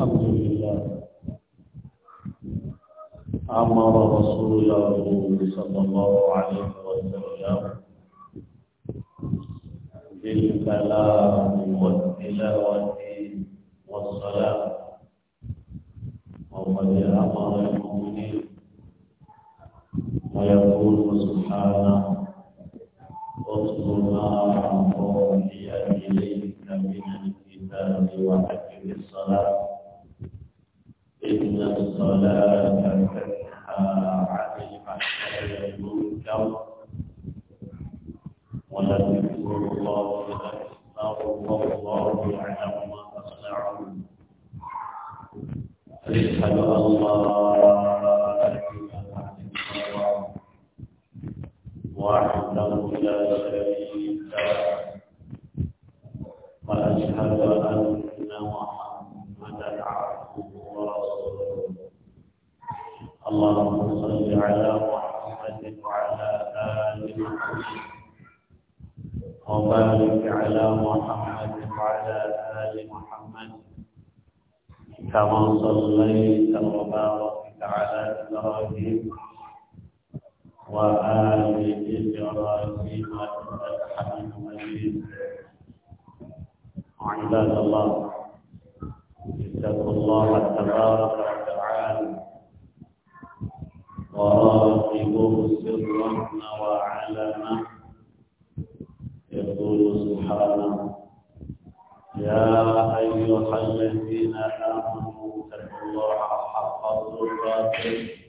الحمد لله أمر الله صلى الله عليه وسلم بالكلام والتلاوة والصلاة وقد أمر المؤمنين ويقول سبحانه الله يا أيها الذين آمنوا اتقوا الله حق تقاته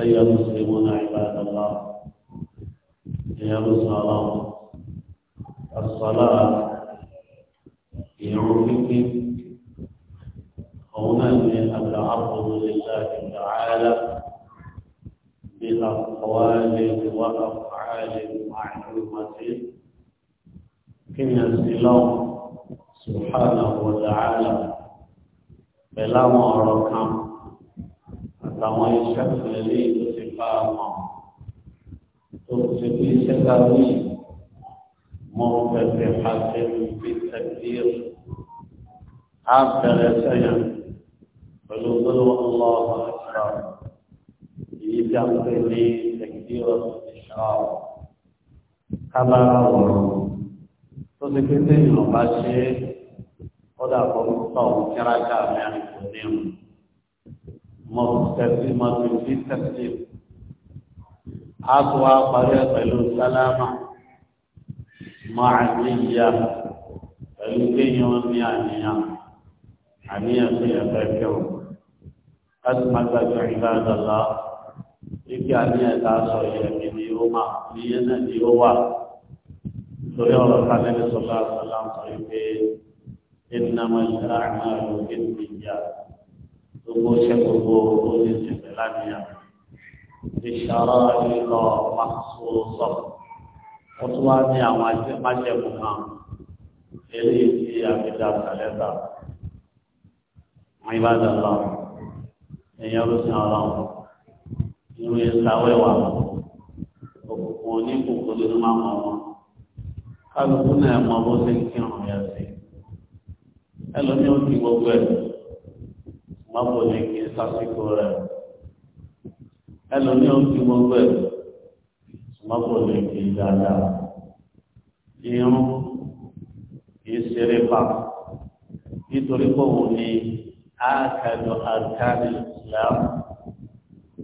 أيها المسلمون عباد الله يا الصلاة الصلاة يعرفك هنا التعرض لله تعالى بأقوال وأفعال معلومة كن السلام سبحانه وتعالى بلا معركة àtàwọn o ìrẹ̀lẹ̀ tó ti bá wọn tó o fi iṣẹ́ dání mọ́ pẹ̀pẹ̀ pàṣẹ fi tẹ̀lé á bẹ̀rẹ̀ sẹ́yìn pẹ̀lú gbọ́dọ̀ ọlọ́ọ̀hún ìṣọ́ tem tí a ń pè ní tẹ̀lé ìṣọ́ kábàárà wọ̀rọ̀ tó ti fi tẹ̀lé ìrànbá ṣe مستسلمة في التسليم أقوى طريق السلامة مع النية الكي والنيانية عنية في أفكر أسمك عباد الله إكي عنية تعصر يمين يوما لينا يوما سوري الله تعالى صلى الله عليه وسلم إنما الأعمال بالنيات gbogbo ṣe gbogbo oṣù ti fẹ́ lánìyàn ìṣòro ìlọ màṣúṣọ ó tún wá ní àwọn májẹ̀mú kan eléyìí tí àbídá sàlẹ́sà wọn ibà dàgbà èèyàn ló sin ọlọ́run irú ìsàwẹ́wà òkùnkùn oníkùnkùn ló máa mọ̀ wọn kálukú náà mọ bó ṣe ń kírun yẹn sí ẹlòmíín ó ti gbogbo ẹ̀ má bọ̀ ní kí n sásìkò rẹ̀ ẹlòmíì ó fi gbogbo ẹ̀ má bọ̀ ní kí n dáadáa irun kì í ṣeré pa nítorí pé òun ni ákàdọ̀ àkáàdì islam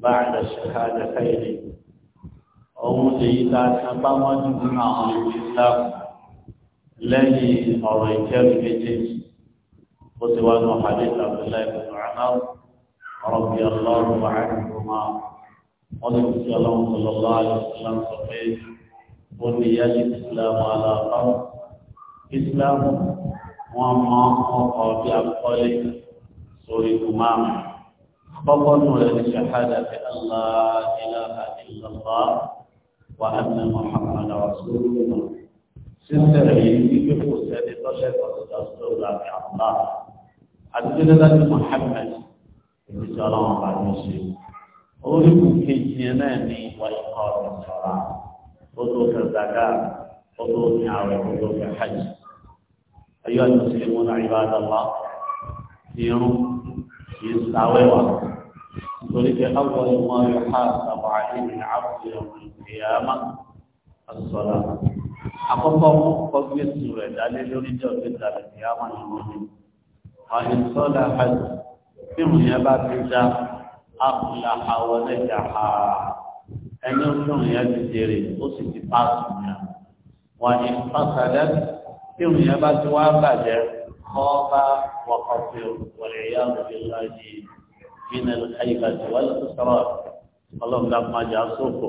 bá àdà ṣàkàdà káyìrì òun lè yí ta sábà wọn dùn nínú àwọn ìlú islam lẹ́yìn ọ̀rọ̀ ìkẹrù méjèèjì. وسوى حديث عبد الله بن عمر رضي الله عنهما ونبي صلى الله عليه وسلم صحيح بني الاسلام على قوم اسلام وما هو في اقوال سوري امام فقلنا للشهادة أن لا إله إلا الله وأن محمد رسول الله سنتهي في كفوس هذه الطشة الله àtúndínlẹ́dá ní Muhammad ìdíjọ́ ọlọ́run bá ní ṣe orí kù kejì yẹn náà ní ìwà ikọ̀ ọ̀rọ̀ sọ̀rọ̀ ó tó fẹ́ zaka ó tó ní àwẹ̀ ó tó fẹ́ hajj ayé wa ní mùsùlùmí náà ìbá dàlá irun kì í sáwẹ́wà nítorí pé àwọn ọmọ yóò ha sábà àìní àbúrò ọmọ ìyàmá àsọ̀rọ̀ àkọ́kọ́ kọ́gbésù rẹ̀ dálé lórí jọ̀ọ́ ọ̀hìn sọ́dà àjò tí mo yẹn bá ti dá àkùlà àwọn ẹ̀jà ha ẹni tó yẹn ti jèrè ó sì ti pàṣẹ yẹn wọ́n ní pàṣẹ tí mo yẹn bá ti wá bàjẹ́ kọ́ọ́bá wọ́kọ̀tì wọ̀lẹ̀yà òbílá di nínú àyíká tí wọ́n lọ sọ̀rọ̀ ọlọ́run dá máa sóko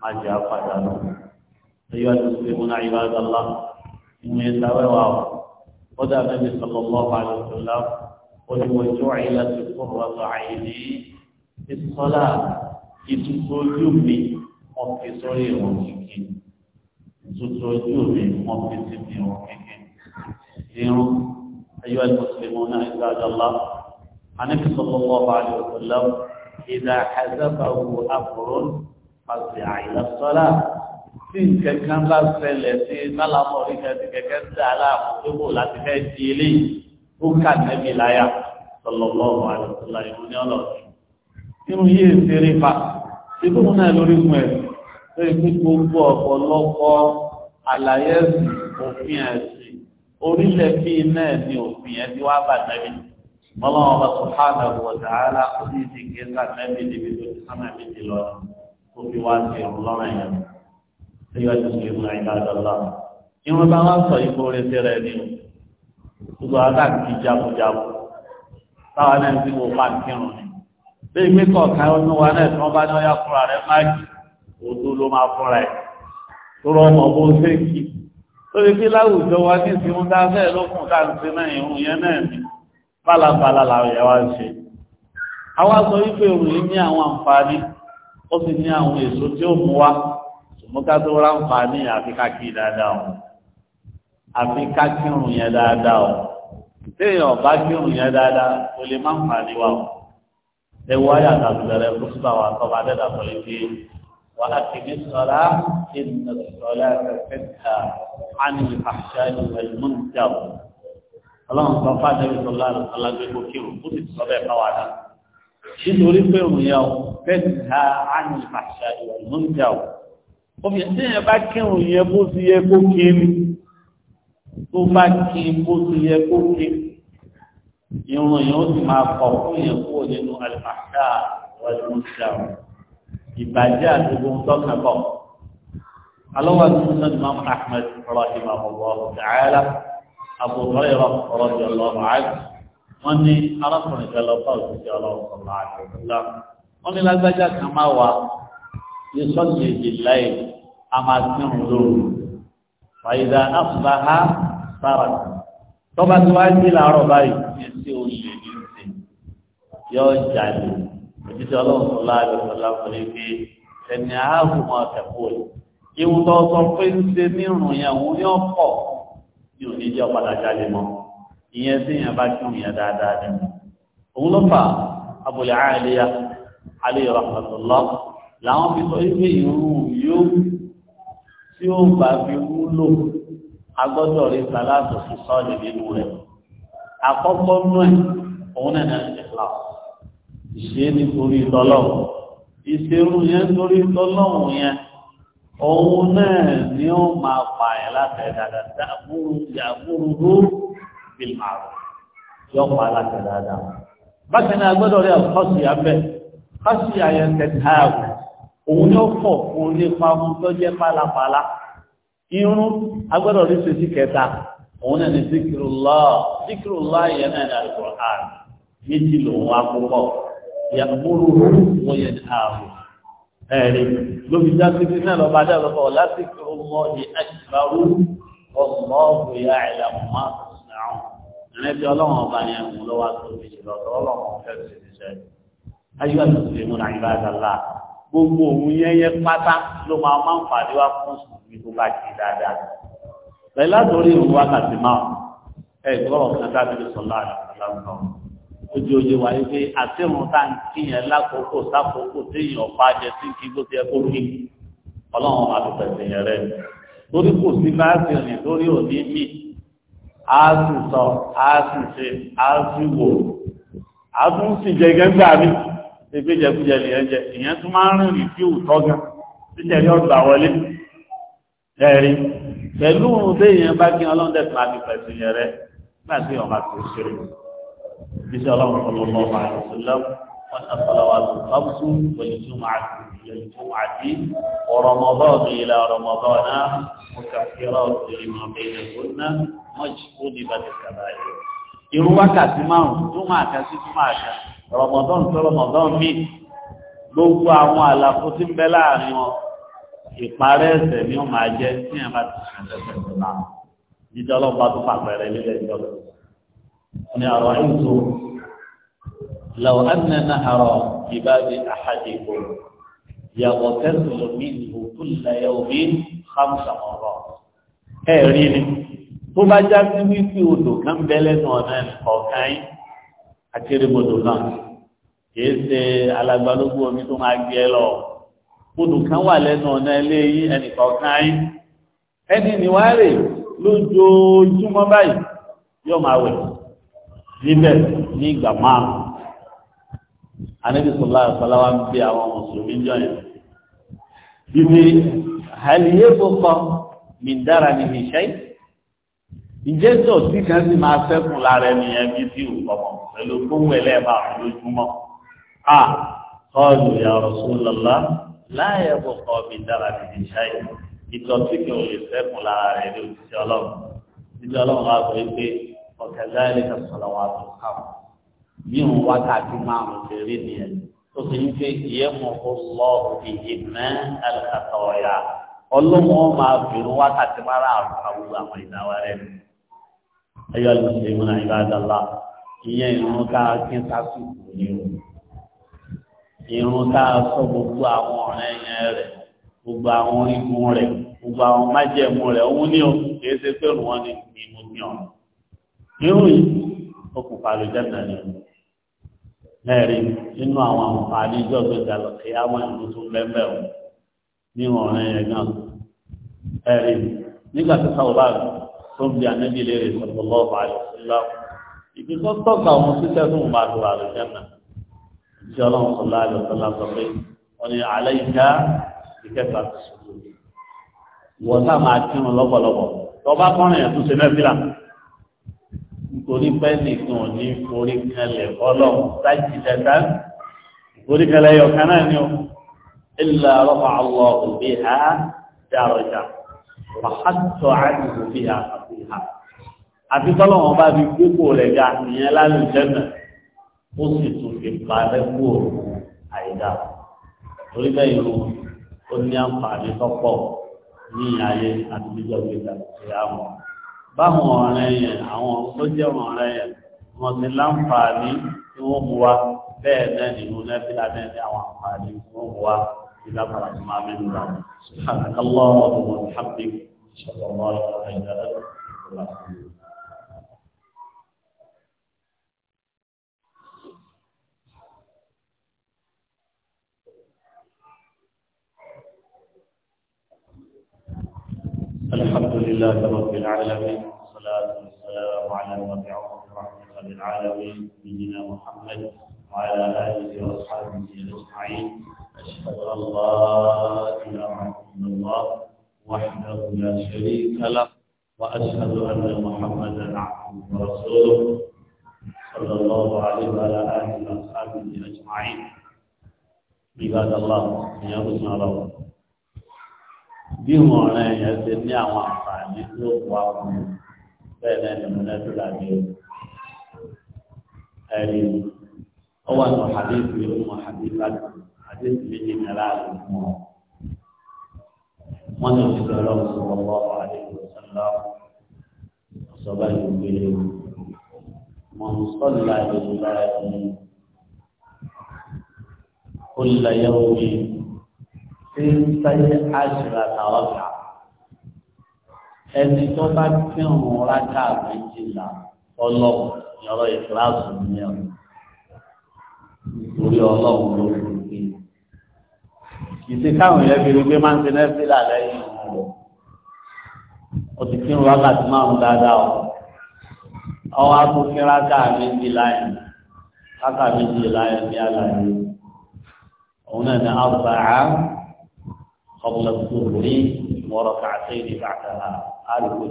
máa padà lọ. ayọ́ àti sèmúnà ìbáraga lọ ìmú ìtawẹ́wà ọ̀ kódà nàbí sallallahu alaihi wasallam oníwọjọ ìlànà ìfowópamọ́ àìní ìsọlá ìtútù ojú mi wọn fi sórí ìwọn kíkì ìtútù ojú mi wọn fi síbi ìwọn kíkì ìrún ayọ ìmọ̀sílẹ̀mọ́ náà ìgbàdàlá anabi sallallahu alaihi wasallam ìdá àzábàwò àbúrò àti àìlàsọlá tí nǹkankan bá ṣẹlẹ̀ sí sálàmù oríkẹ́ ti kẹ̀kẹ́ sí aláàbò tó kò láti fẹ́ di eléyìí ó kà nẹ́bí láyà sallallahu alaihi wasallam ní ọlọ́ọ̀tún. nínú yíyé ìṣeré fa tí bóun náà lórí fún ẹ tó ikú gbogbo ọ̀pọ̀lọpọ̀ àlàyé òfin ẹ̀sìn orílẹ̀ bí iná ẹ̀ ní òfin ẹ̀ tí wàá bà nẹ́bí. ọlọ́run ọba subhanahu wa ta'ala ó ní ìdíkẹ́ sá nẹ́bí níbi tó ti sá ẹ̀yọ́ ti ṣe mú àìdáàdọ́lá ni wọ́n bá wá sọ ikú orí sí rẹ̀ ni gbogbo aláàkì jagunjagun táwa náà ti wò pa kírun ni bẹ́ẹ̀ mi kọ̀ọ̀kan ọdún wa náà tí wọ́n bá ní ọyá fúnra rẹ̀ máàkì òdo ló máa fúnra ẹ̀ tó rọ ọmọ bó ṣe kí lórí pé láwùjọ wa ní ìsinmi tá a fẹ́ lókun tá a ń ṣe náà ìrùn yẹn náà ni bálabàlà làwọn ìyá wa ń ṣe àwa sọ wípé òrùn yìí ní àwọn àǹfààní ó sì ní àwọn èso tí ó mú wa mo ká tó ráǹfààní àfi ká kí dáadáa o àfi ká kírun yẹn dáadáa o téèyàn bá kírun yẹn dáadáa o lè má nfààní wa o ẹ wọ ayé àtàkùnrẹ kó síbà wà tọ́ bá dẹ́dà pọ̀ létí wà á ti ní sọlá ìnà sọlá ẹ̀fẹ̀ta àni àṣà ìwẹ̀lì múnjà o ọlọ́run sọ fáwọn ẹ̀rí sọlá àlùfọlá gbé kó kírun ó sì sọ bẹ́ẹ̀ fáwọn àdá nítorí pé òun yẹn o fẹ́ẹ̀ ta àni àṣà ìwẹ̀lì múnjà o obìnrin tí yẹn bá kírun yẹn bó ti yẹ kó kiri tó bá kí bó ti yẹ kó kiri ìrùn yẹn ó sì máa kọ̀ fún yẹn kúrò nínú àlùfáà wọlé mọ́ṣáà ìbàjẹ́ àti gbogbo tọ́ka bọ̀. alọ́wọ́ àtúntò imam ahmed rahimahullah ta'ala abu hurairah radiyallahu anhu wọ́n ní arákùnrin kan lọ bá òṣìṣẹ́ ọlọ́run sọ̀rọ̀ àti òṣìṣẹ́ wọ́n ní lágbájá kan máa wà ní sọ́ọ̀tì ìdìláì a máa sínú lóru fàyídà àfúláhà إلى ربعي tí wàá dé làárọ̀ báyìí ní sí oṣù ní ṣe yóò jáde òjijì ọlọ́run tó láàyè ọ̀la fúnni pé ẹni ààbò máa tẹ̀kọ́ ẹ̀ ìwọ̀n tó sọ pé ń ṣe ní ìrùn yẹn òun yóò pọ̀ ní oníjẹ́ ọ̀padà jáde mọ́ ìyẹn tí yẹn bá kírun yẹn dáadáa ni òun ló fà Abul Aliya alayhi rahmatullah làwọn fi sọ wípé ìrun yóò tí ó bá fi wúlò agbọ́dọ̀ rí sàlátù sí sọ́ọ̀lì nínú rẹ̀ àkọ́kọ́ nú ẹ̀ òun náà náà ṣe fà ṣe nítorí tọ́lọ́wọ́ ìṣerú yẹn torí tọ́lọ́wọ́ yẹn òun náà ni ó máa pààyàn látẹ̀dáadáa dàbúrú dàbúrú bìlmàrún yọ pa látẹ̀dáadáa bákan náà agbọ́dọ̀ rí àkọ́sí abẹ́ kọ́sí ayẹyẹ tẹ̀tẹ̀ ààbò òun ni ó fọ̀ òun ní pamọ́ tó jẹ́ pálapàla irun agbọ́dọ̀ rí sí kẹta òun náà ni zikirullah zikirullah yẹn náà ní Al-Qur'an méjì lòun akókò yàgbóró wọn yẹn ní ààbò ẹ̀rí lóbi jáde ní náà lọ́ba dá lọ́ba ọ̀ láti kí ọmọ ní àjìbárú ọmọ ọ̀gbìn yá ẹ̀yà ọmọ ọlọ́run ọba yẹn mú lọ́wọ́ àtúnṣe lọ́dọ̀ ọlọ́run ọ̀fẹ́ sí iṣẹ́ ayé àtúnṣe mú náà ìbá gbogbo òun yẹ́yẹ́ pátá ló máa máa ń pàdé wá fún sùnmí tó bá jì dáadáa pẹ̀lú àtòrí ìrù wákàtí máa ẹ̀ gbọ́rọ̀ kan dábìlì sọ̀lá àlùfáà ojú ojú wa yìí pé àtẹ̀wọ̀n tá à ń kíyàn lákòókò sákòókò téèyàn bá jẹ sí kí bó ti ẹ kó kí ọlọ́run máa tó pẹ̀sẹ̀ yẹn rẹ̀ lórí kò sí bá ti rìn lórí òní mí á sì sọ á sì ṣe á sì wò á tún sì jẹ gẹ́gbà mi pépé jẹkújẹ lèyàn jẹ èyàn tún máa ń rìn rí fíù tọ́gà títẹ̀lé ọgbà wọlé ẹ̀rí pẹ̀lú béèyàn bá kí ọlọ́dẹ̀ tó àbí pẹ̀sì yẹn rẹ láti ọ̀gá tó ṣeré bíṣẹ́ ọlọ́run ọlọ́mọ ọba àìsílẹ̀ wọn àtọ́lọ́wà tó kọ́bùsù pẹ̀lú tó máa dé ọ̀rọ̀mọbọ́ọ̀ tó yẹ la ọ̀rọ̀mọbọ́ọ̀ náà ó máa kà sí tó máa kà rọmọdán tó rọmọdán mi gbogbo àwọn àlàfo tí ń bẹ láàrin wọn ìparẹ́ ẹ̀ṣẹ̀ ni ó máa jẹ́ tí ẹ̀ bá ti sùn lẹ́sẹ̀ tó náà jíjẹ́ ọlọ́pàá tó pàpẹ́rẹ́ lílẹ̀ ìjọba ni àrọ̀ ìtò lọ́wọ́ ẹ̀nẹ́nà àrọ̀ ìbáde àhàdìgbò yàgò tẹ́sílò mí ìlú tó lẹ́yẹ̀ omi hamsa ọ̀rọ̀ ẹ̀rí ni tó bá já sí wípé odò kan bẹ́lẹ́ nù ọ̀nà ẹ̀kọ̀ọ̀kan yìí akérèbodò náà kìí ṣe alagbalógún omi tó máa gbé ẹ lọ bodò kan wà lẹ́nu ọ̀nà ilé yín ẹnìkan kan yín ẹni níwárè lójoojúmọ́ báyìí yóò máa wẹ̀ níbẹ̀ ní ìgbà márùn-ún anabi sọlá àfọláwá ń bí àwọn mùsùlùmí jọyìn bíbí àlìyé gbogbo mi dára ní mi ṣẹ́yìn ìjẹ́sọ̀ tí kan sì máa sẹ́kùn lára ẹni yẹn bí sí ìwọ̀mọ̀ pẹ̀lú gbóhùn ẹlẹ́ẹ̀bà lójúmọ́ a kọlù ya Rasulullah láyé kọ̀kọ́ mi dára nìyí ṣáyé ìtọ̀ tí kì ò lè sẹ́kùn lára rẹ̀ ní òṣìṣẹ́ ọlọ́run nígbà ọlọ́run wa sọ pé ọ̀kẹ́dá ilé kan sọ̀rọ̀ wa tó kà ó bí òun wákàtí márùn-ún ṣe rí nìyẹn tó sì ń pé ìyẹ́mọ̀ kó lọ́ọ̀ ayọ́ alùsùlùmí náà ìbádàlá ìyẹn ìrún ká kín sásìkò ní o ìrún ká sọ gbogbo àwọn ọ̀rẹ́ yẹn rẹ̀ gbogbo àwọn orígun rẹ̀ gbogbo àwọn májẹ̀mú rẹ̀ òun ní o kìí ṣe pé òun wọn ni mo ní ọ̀run nírú yìí ó kò parí jẹ́nà ni mẹ́rin nínú àwọn àǹfààní ìjọ tó jà lọ sí àwọn ìlú tó lẹ́mẹ̀ o ní ọ̀rẹ́ yẹn náà ẹ̀rí nígbà tó sáwọ́ báyìí tó ń bi ànábì léèrè sallallahu alaihi wasallam ibi tó tọ́ka àwọn títẹ́ tó ń bá tó àrùn jẹ́nà ìṣẹ́ ọlọ́run sallallahu alaihi wasallam sọ pé wọ́n ní alẹ́ ìka ìkẹta tó ṣubú wọ́n sá máa kírun lọ́pọ̀lọpọ̀ tọ́ba kọ́rin ẹ̀ tó ṣe mẹ́fìlà nítorí pé nìkan ní orí ọlọ́run láti dẹ́ta orí yọ̀ kan ni ó ilà rọ́pà àwọn òbí ha dáa ọjà fàhátọ̀ àdìgbò bí i àfàfihà àti tọ́lọ́wọ́n bá fi gbogbo rẹ̀ ga ìyẹn lálùjẹ́nà ó sì tún fi parẹ́ kú òòrùn àìdá torí bẹ́ẹ̀ ìlú ó ní àǹfààní tọ́pọ̀ ní ayé àti jíjọ́ gbígbà ṣe àwọn báwọn ọ̀rẹ́ yẹn àwọn tó jẹ́ ọ̀rẹ́ yẹn wọ́n ti láǹfààní tí wọ́n mú wa bẹ́ẹ̀ náà nínú nẹ́fílà náà ní àwọn àǹfààní tí wọ́n mú wa látara tí máa mẹ́nu ra ṣàkàlọ́ ọmọ ìhàbí ṣọlọ́mọ́ ìhàbí ṣọlọ́mọ́ الحمد لله رب العالمين والصلاة والسلام على المبعوث رحمة للعالمين نبينا محمد وعلى آله وصحبه أجمعين أشهد أن لا إله إلا الله وحده لا شريك له وأشهد أن محمدا عبده ورسوله صلى الله عليه وعلى آله وأصحابه أجمعين عباد الله يا رسول الله bí wọn rẹ yẹn ṣe ní àwọn àǹfààní tó wà fún bẹ́ẹ̀ حديث ni mo lẹsùn àti méjì nàlá àlùmọ́. wọ́n ní òṣìṣẹ́ ọlọ́run sọ wọ́n bọ́ àdéhùn sọ́lá ọ̀sọ́gbà ìgbé mọ̀n sọ́lá ìgbà yìí ó lè yẹ omi tí ń sáyé àṣírà tàwọn kà ẹni tó bá fi hàn rákà méjìlá ọlọ́run ìyọ̀rọ̀ ìfúráṣù nìyẹn. Orí ọlọ́run ló fún ìṣe káwọn yẹn fi gbé máa ń ṣe nẹ́fìlà lẹ́yìn o ti kí ń wákàtí márùn dáadáa o ọwọ́ akókè rákà méjì láyé rákà méjì láyé ní àlàyé òun náà ní àbáyá ọ̀pọ̀lọpọ̀ tó ní wọ́rọ̀ kàtẹ́ ní bàtàlá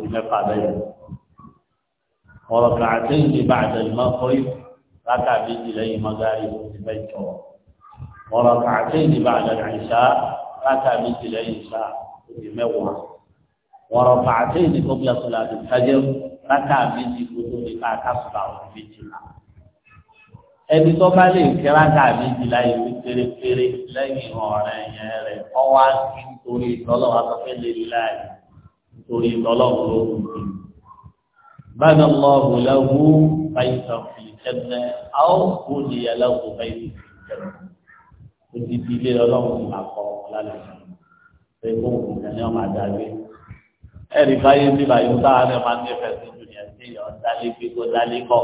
ti mẹ́fà lẹ́yìn wọ́rọ̀ kàtẹ́ ní bàtàlá mọ́kọ́rí rákà méjì lẹ́yìn mọ́gàrí ó ti fẹ́ jọ̀ọ́. وركعتين بعد العشاء ركع مثل العشاء بموعة وركعتين قبل صلاة الفجر ركع مثل كتب كاكسر مثلها ẹni tó bá lè kẹ́rà tàbí ìdílá ìwé pérépéré lẹ́yìn ọ̀rẹ́ yẹn rẹ̀ kọ́ wá sí nítorí ìtọ́lọ́wọ́ afẹ́fẹ́ lè láàyè nítorí ìtọ́lọ́wọ́ lóhùn mi. báyìí ọlọ́hu lẹ́hu báyìí sọ̀fìn jẹ́nẹ́ àwọn òkú nìyẹn lẹ́hu báyìí sọ̀fìn jẹ́nẹ́ odidi ilé ọlọ́run ti máa kọ́ ọ lálẹ́ ṣe kó nǹkan ní ọmọ àdáyé ẹ̀rí báyé ní báyé sáà ní ọmọ ní ẹ̀fẹ̀ sí ju yẹn sí ọ̀dálé gbé kó dálé kọ́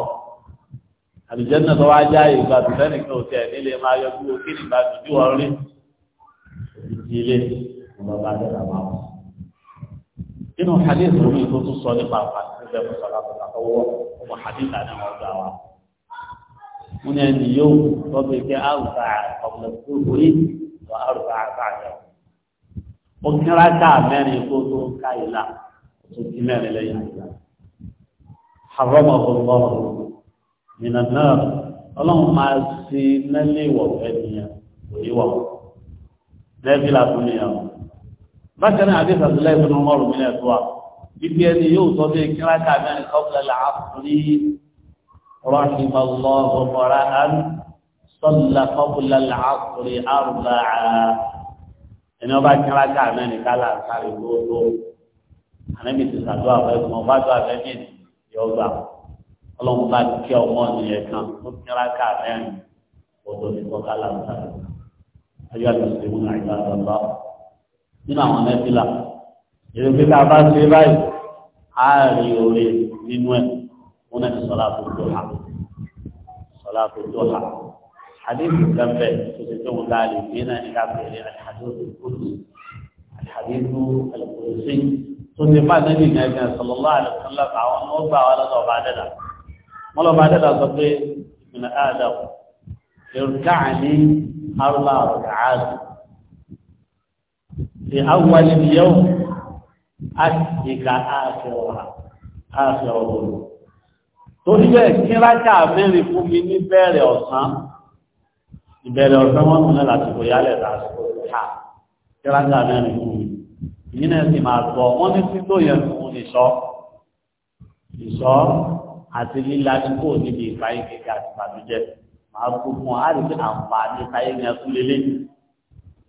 àbíjẹ́ náà tó wá já ìgbà tó fẹ́ nìkan òtí ẹ̀ nílé máa yọ bí òkè nígbà tó dí wọ́n rí odidi ilé ọmọ bá dẹ̀ làwọn àwọn. nínú hadith omi tó tún sọ nípa àpàtì wọn yẹn ni yóò lọ́bẹ̀ kí àrùbá ọ̀pọ̀lọpọ̀ gbogbo yìí lọ àrùbá àbáyọ. ó kíra ká mẹ́rin kó tó ká ìlà tó ti mẹ́rin lẹ́yìn ìlà. àrọ́mọ̀ gbogbo nínú náà ọlọ́run máa ṣe mẹ́lẹ́ ìwọ̀fẹ́ nìyẹn òyìnbó lẹ́bí làkúnni yẹn. bákan náà àdéhùn àti lẹ́yìn tó ń mọ̀rùn mílẹ̀ tó wà bíbí ẹni yóò sọ bí kíra ká mẹ́rin kọ́ رحم الله امرأ صلى قبل العصر أربعا ẹni ọba kíra ká mẹ́rin kálá sáré lóòótọ́ ànábì ti sàdúrà fẹ́ fún ọba tó àfẹ́mí yọgbà ọlọ́run bá kí ọmọ nìyẹn kan ó kíra ká mẹ́rin ọdọ ní kọ́ kálá sáré ayé àtúnṣe mú àyè àtọ́lá nínú àwọn nẹ́fìlà èrè pé ká bá ṣe báyìí á rí oore nínú ẹ̀ wọn náà ní sọlá tó tó hà sọlá tó tó hà hadith gàmbẹ tó ti tó wọn láàlì bíi náà ní gàmbẹrẹ alhadith kùdù alhadith alkùdùsí tó ti bá nàbì gàmbẹ sọlọlá àlùkànlá àwọn ọmọ gbà wà lọ́dọ̀ ọba dẹdà wọn lọba dẹdà sọ pé ìmìnà àdàkù ارجعني اربع ركعات في اول اليوم اتيك اخرها اخر torí bẹ́ẹ̀ kí rákà mẹ́rin fún mi ní bẹ̀rẹ̀ ọ̀sán ìbẹ̀rẹ̀ ọ̀sán wọn múlẹ̀ láti kò yálẹ̀ lásìkò ká kí rákà mẹ́rin fún mi ìyí náà sì máa gbọ́ wọ́n ní tí tó yẹ fún ìṣọ́ ìṣọ́ àti líla ní kò níbi ìfàyè kékeré àti ìbànújẹ́ máa kú fún á rí pé àǹfààní ìfàyè ní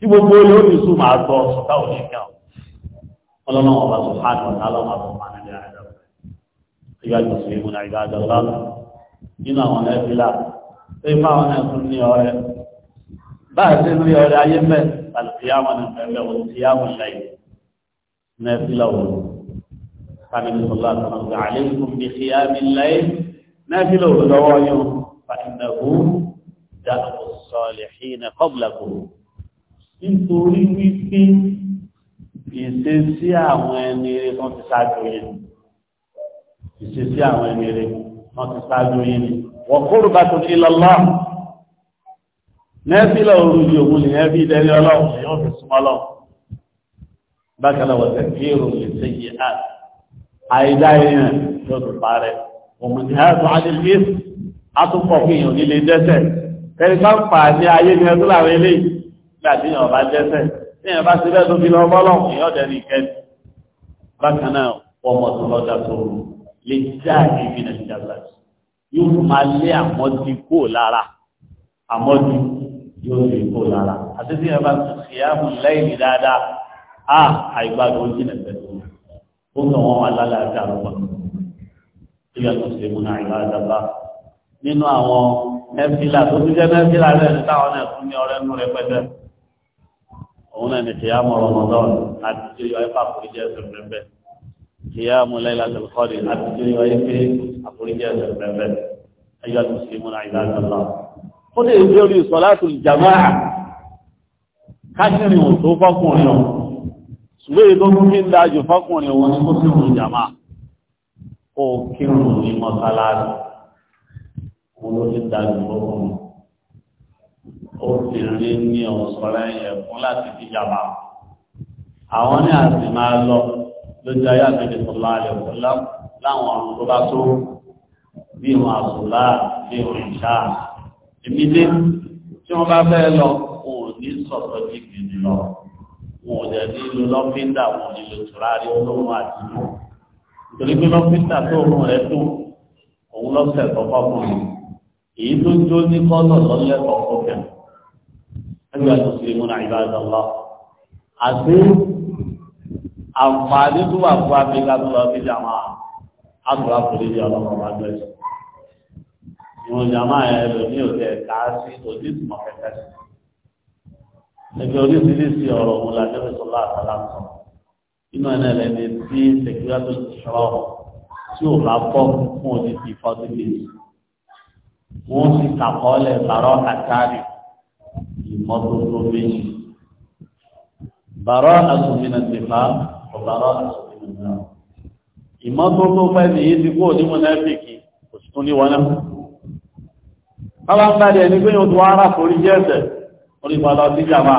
gbọ́ ṣùgbọ́n òní kẹ́ ọlọ́run ọba sọ̀rọ̀ àdùn ọ̀tá lọ́wọ́ àbọ̀ mọ́ يا المسلمون عباد الله إما هنا فلا إما هنا سنية ولا بعد سنية ولا يمة القيامة نفعل والقيام الشيء نفعل قال صلى الله عليه وسلم عليكم بخيام الليل نفعل دوايا فإنه دأب الصالحين قبلكم إن تريد في سنسي أو أن يريد أن تساعد ìṣesí àwọn ẹni rẹ̀ wọ́n ti ṣáájú yín ni wọ́n kóró bá tó kí lọ́lọ́ nẹ́ẹ̀fìlà òru yìí òun lè yẹn bí ìdẹ́rí ọlọ́run lè yóò fi súnmọ́ lọ bákan náà wọ́n tẹ̀ kí èrò lè ṣe yìí á àìdá èèyàn yóò tún parẹ́ òmùn ní àtún adìlíyé àtúnpọ̀ fún èèyàn nílé dẹ́sẹ̀ kẹ́rin bá ń pa ní ayé ní ẹdún láwọn eléyìí nígbà tí èèyàn bá dẹ́sẹ̀ tí èèyàn bá ti bẹ́ẹ̀ tó fi lọ bọ́lọ́hùn èèyàn dẹ́ni kẹ́ni bákan náà tó lọ́jà tó rú lè jáde bí nàìjíríà yóò fún máa lé àmọ́dí kó lára àmọ́dí yóò lè kó lára àtẹ́sí ẹ̀rọ bá tún sí àmú lẹ́yìn dáadáa á àìgbàdo ó jìnà pẹ̀lú ó sọ wọn wà lálàáfíà lọ́pọ̀ tí yóò tún ṣe mú náà ìbáradà bá nínú àwọn mẹ́fìlà tó tún jẹ́ mẹ́fìlà rẹ̀ táwọn náà fún ní ọ̀rẹ́ nú rẹ̀ pẹ́tẹ́ òun náà ní ṣe àmọ́ ọ̀rọ̀ mọ́tọ́ àti ṣe yọ ẹ̀fà kò jẹ́ ẹ̀sùn rẹ̀ bẹ́ẹ̀ قيام ليلة القدر أبدي وإيكي أفرجة البابات أيها المسلمون عباد الله قل إجري صلاة الجماعة káṣírin ò tó fọ́kùnrin ọ̀ ṣùgbé ìdókún kí ń dájú fọ́kùnrin wọn ní kó sí òun jàmá kó kírùn ní mọ́sálásí wọn ló ti dájú fọ́kùnrin ó ti rí ní ọ̀sọ̀rẹ́ ẹ̀kún láti fi jàmá àwọn ní àti máa lọ lójú ayé àtẹ̀jẹ̀ sọ̀lá rẹ̀ ọ̀lá láwọn ọ̀run tó bá tó bí wọn àsùlá bí wọn ìṣá èmi dé tí wọ́n bá fẹ́ lọ wọn ò ní sọ̀tọ̀ ní gbìyànjú lọ wọn ò dẹ̀ nílò lọ́fíńdà wọn nílò tùràrí olóhùn àti ìlú nítorí pé lọ́fíńdà tó rùn rẹ̀ tó òun lọ́sẹ̀ kọ́kọ́ fún mi èyí tó jó ní kọ́nà lọ́lẹ́kọ̀ọ́ fún àǹfààní tó wà fún abíga tó lọ sí jàmá àtúrà fòlìdì ọlọ́pàá bá gbé sọ ìwọ̀n jàmá yẹn lò ní òde ẹ̀ka sí òdì ìtumọ̀ kẹkẹ sí ẹgbẹ́ oríṣiríṣi ọ̀rọ̀ òun la jẹ́rìí sọlá àtàlà sọ inú ẹ̀ náà lẹ́ni tí sèkúrà tó tí ò bá bọ́ fún òdì ti bíi wọ́n sì kàkọ́ọ́lẹ̀ bàrọ́ àtàrí ìmọ́tótó méjì bàrọ́ àtúnmínà tèfà ọ̀bára àṣòfin náà ìmọ́tótó pẹ́ nìyí ti kó ní mọ́nẹ́fìkì kò sí tún ní wọn náà bábá ń bàdẹ̀ ní pé yóò tó ara forí jẹ́ ẹ̀sẹ̀ orí padà sí jàmá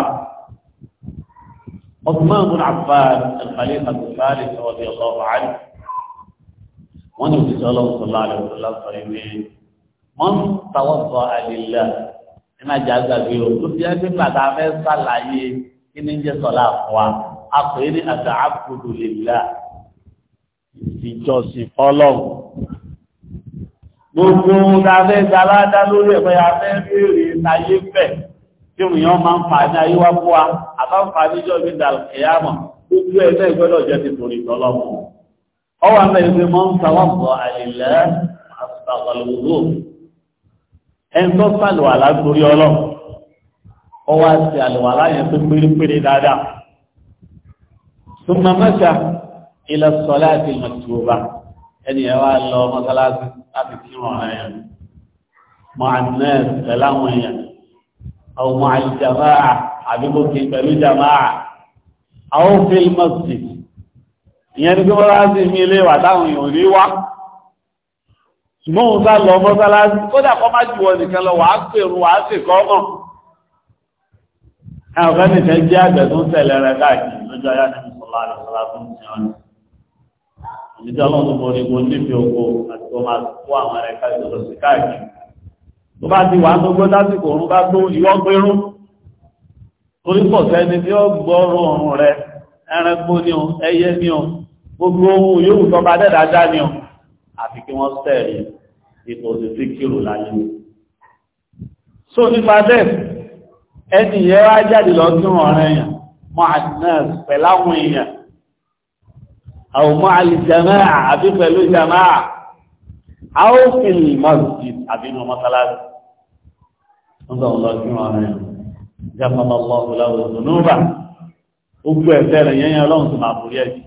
Uthman ibn Affan al-Khalifa al-Thalith radiyallahu anhu wọ́n ní òṣìṣẹ́ àpèé ní àtàkùdù lèlá ìjọsìn fọlọ́hùn gbogbo ohun tá a fẹ́ gbaládá lórí ẹ̀fẹ́ a fẹ́ béèrè ayé fẹ́ kí ènìyàn máa ń fa ní ayé wá fún wa àbáǹfà níjọ́ mi dà kẹ̀yàmọ̀ gbogbo ẹ̀ náà gbọ́dọ̀ jẹ́ ti torí tọ́lọ́mù ọwọ́ àmọ́ ìwé mọ́ ń fa wọ́n bọ̀ àlèlẹ́ àtàkọ̀lùwò ẹni tó sàlùwàlá torí ọlọ́ ọwọ́ àti àlùwàlá yẹn tó pérépéré dáadáa ثم مشى إلى الصلاة المكتوبة أن يوى الله مثلا أتكلم مع الناس سلام أو مع الجماعة حبيبك بالجماعة أو في المسجد ìyẹn ni kí wọ́n láti mi ilé wà táwọn èèyàn rí wá ṣùgbọ́n òun sá lọ mọ́sálásí kódà kọ́ má jù wọn nìkan lọ wàá pèrún wàá sì kọ́ mọ̀ àwọn kan nìkan jẹ́ àgbẹ̀ tó ń tẹ̀lé rẹ káàkiri lójú ayá nínú lọ́wọ́ àlọ́sọ́lá tó ń sìn ọ́nà. Ìdíjọ́ ọlọ́run tó borí mo níbi oko àti ọmọ àtúkú àwọn ẹ̀rẹ́ ká ìjọba sí káàkiri. Tó bá ti wà á tó gbọ́ lásìkò òun bá tó ìwọ́ pérún. Torí pọ̀ sẹ́ni tí ó gbọ́rọ̀ ọ̀run rẹ̀ ẹranko ni o, ẹyẹ ni o, gbogbo ohun yóò tọ́ bá dẹ́dà dá ni o. Àfi kí wọ́n sẹ́ẹ̀rì ipò òṣèlú kìlò láyé. So nípa bẹ́ẹ̀, ẹni yẹn wá jáde lọ sí ọ̀rẹ́ mọ́àdínẹ́s pẹ̀láwọn èèyàn àwọn mọ́àlìjàmá àbí pẹ̀lú jàmá àwọn òfin masjid àbí inú mọ́sálásí nígbà wọn lọ sí wọn rẹ̀ jàpàmọ́ lọ́wọ́ lọ́wọ́ gbogbo ẹ̀fẹ́ rẹ̀ yẹn ọlọ́run tó máa borí ẹ̀jì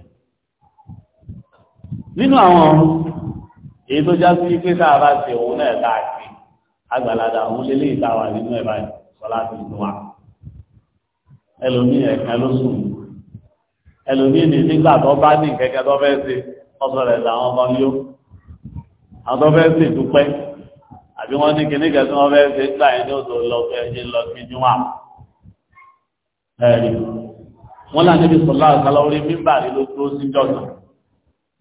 nínú àwọn ọ̀run èyí tó já sí pé sáà bá ṣe ẹlòmíì ẹ̀kan ló sùn ẹlòmíì ní nígbà tó bá ní kẹ̀kẹ́ tó fẹ́ ṣe ọ̀sọ̀ rẹ̀ làwọn ọmọ yó àwọn tó fẹ́ ṣe dúpẹ́ àbí wọ́n ní kíní kẹ́kẹ́ tó fẹ́ ṣe nígbà yẹn ní òtò lọ fẹ́ ṣe lọ sí níwà ẹ̀rí wọ́n lá níbi sọ̀lá àkàlà orí mímbà rí ló dúró sí jọ̀nà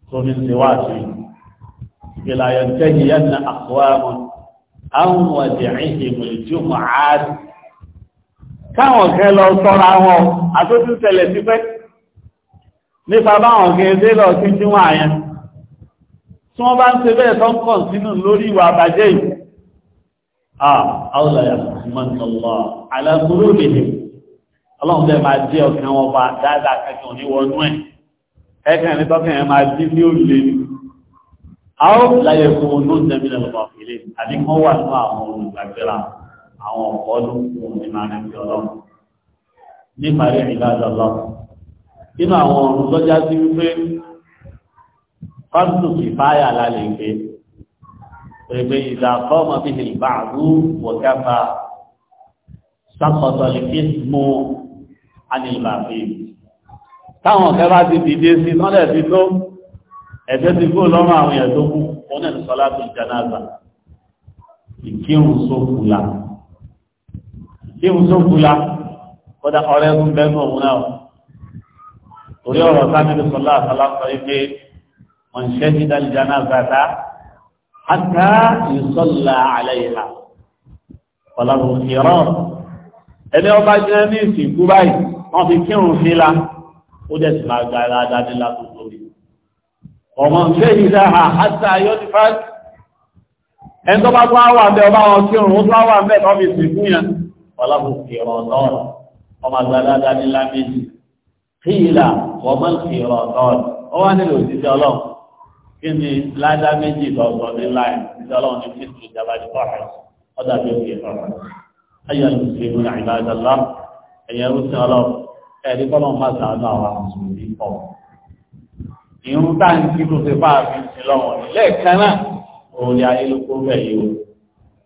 tó fi ṣe wá sí ìlàyọ̀ yẹn ní àkọ́wà káwọn kẹ lọ sọ́ra wọn àtótú tẹ̀lẹ̀ sí pẹ́ nípa báwọn kẹ dé lọ sí jíwọ̀n àyẹn tí wọ́n bá ń ṣe bẹ́ẹ̀ tán kàn sínú lórí ìwà àbàjẹ́ yìí àwọlọ̀yà mọ́tọ̀lọ́ alágbúrú lèdè ọlọ́run tẹ́ máa jẹ́ ọ̀kẹ́ wọn bá dáadáa kẹ́kẹ́ oníwọnú ẹ̀ ẹ̀kẹ́ ní tọ́kẹ́ ẹ̀ máa jí ní òrìlẹ̀ ni àwọlọ̀yà kò ní ó jẹ́ mílẹ̀ lọ́pàá fìlẹ̀ àdínkọ́ wà ní àwọn olùgbàgbẹ́ra àwọn ọ̀pọ̀ ọdún fún òun máa ń fi ọlọ́run níparí ìgbàdà lọ nínú àwọn ọ̀run lọ́jà sí wípé fásitì kì fáyà lálẹ́ ìgbé pẹ̀lú ìdàkọ́ ọmọ bíi ìbáàrú wọ̀gáfà sákọ̀tọ̀ lè fi mú anìlàfíì táwọn ọ̀kẹ́ bá ti dìde sí lọ́lẹ̀ ti tó ẹ̀fẹ́ ti kó lọ́rọ̀ àwọn èèyàn tó kú wọn náà sọ láti jánásà ìkírun sókùlà ṣé ń tó kula kódà ọ̀rẹ́ ń bẹ fún òun náà torí ọ̀rọ̀ sábẹ́ni sọlá àtàlá sọ pé wọ́n ń ṣẹ́ dídá lìjà náà zàtà àtà ìsọ̀là àlẹ́yìnà ọ̀làrùn ìrọ̀ ẹni ọba jẹ́ ní ìsìnkú báyìí wọ́n fi kírun fíla ó dẹ̀ sì máa gba ara dání látọ̀ lórí ọmọ ń ṣe ìdá àtà yọ́nifásitì ẹni tó bá tó àwọn àbẹ̀ ọba wọn kírun ó tó àwọn àbẹ̀ tó fi sìnkú yẹn ọlọ́run fèrè ọ̀tọ́ọ̀n ọmọ àgbàdo adáni lámẹ́jì kíìlà wọ́mọ̀ fèrè ọ̀tọ́ọ̀n ó wá nílò òṣìṣẹ́ ọlọ́run kí ni ládá méjì lọ́sọ̀ ní láì òṣìṣẹ́ ọlọ́run ní fífi ìjàmbá ní kọ́ọ̀rẹ́ ọ̀dà tó fi ọ̀rọ̀ ayọ̀ ní ìṣèlú àìbáyọ̀dọ́lá ẹ̀yẹ̀ ọlọ́run ẹ̀rí kọ́lọ́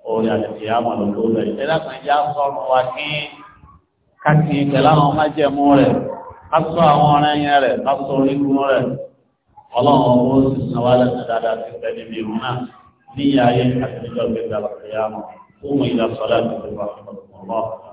orí àtẹ̀tẹ̀ àmọ̀ lọ́dọ̀ rẹ̀. Ẹ̀dá kan já sọ́run wa kí káàkiri ìtẹ̀lá àwọn májẹ̀mú rẹ̀, ká sọ àwọn ọ̀rẹ́ yẹn rẹ̀, ká sọ orígun rẹ̀. Ọlọ́run ọmọ ó sì san wá lẹ́sẹ̀ dáadáa sí ẹni bí ìrún náà ní ayé àtijọ́ gbẹ̀gbẹ̀ àlàkùnrin àmọ̀. Ó mú ìdásọ́lá ìgbẹ̀gbẹ̀ àlàkùnrin